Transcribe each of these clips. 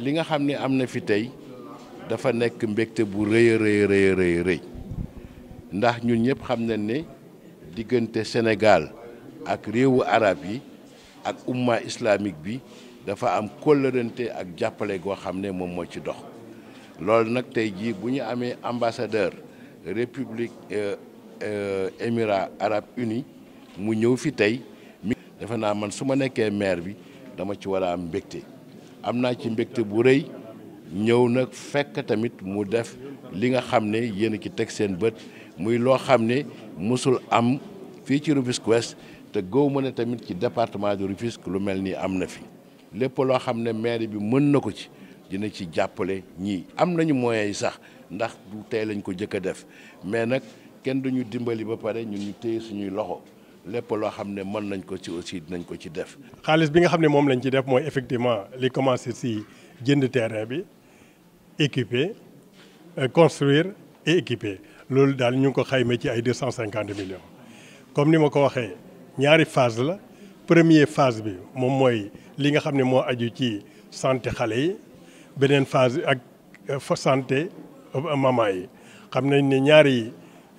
li nga xamné ne fi tay dafa nek mbekté bu reuy ndax ñun Sénégal ak réewu arab yi ak umma islamique bi dafa am kóllërante ak jàppale go xamné mom mo ci dox ambassadeur république euh, euh, Émirat arabes unis mu ñëw fi maire dama ci amna ci mbégte bu reuy ñew nak fekk tamit mu def li nga xamné ne ci seen beut muy lo xamné musul am fi ci Rufisque te gëw tamit ci département de Rufisque lu melni amna fi lepp lo xamné maire bi mën na ci dina ci jappalé ñi amnañu sax ndax du tay lañ ko def mais nak kenn duñu dimbali ba pare ñun ñu téye suñuy loxo lépp loo xam ne mën nañ ko ci aussi dinañ ko ci def. xaalis bi nga xam ne moom lañ ci def mooy effectivement li commencé si jënd terrain bi équiper euh, construire et équiper loolu daal ñu ngi ko xayma ci ay 250 millions. comme ni ma ko waxee ñaari phase la premier phase bi moom mooy li nga xam ne moo aju ci santé xale yi beneen phase ak euh, santé euh, maman yi xam nañ ne ñaari.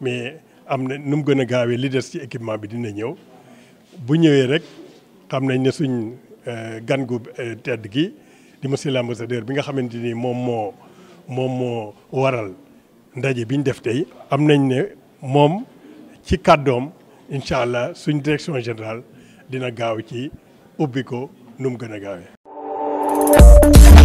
mais am na nu mu gën a gaawee li des ci équipement bi dina ñëw bu ñëwee rek xam nañ ne suñ euh, gan gu euh, tedd gi di monsieur l'ambassadeur bi nga xamante ni moom moo moom moo waral ndaje bi ñu def tey. am nañ ne moom ci kàddoom incha allah suñ direction général dina gaaw ci ubbi ko nu mu gën a gaawee.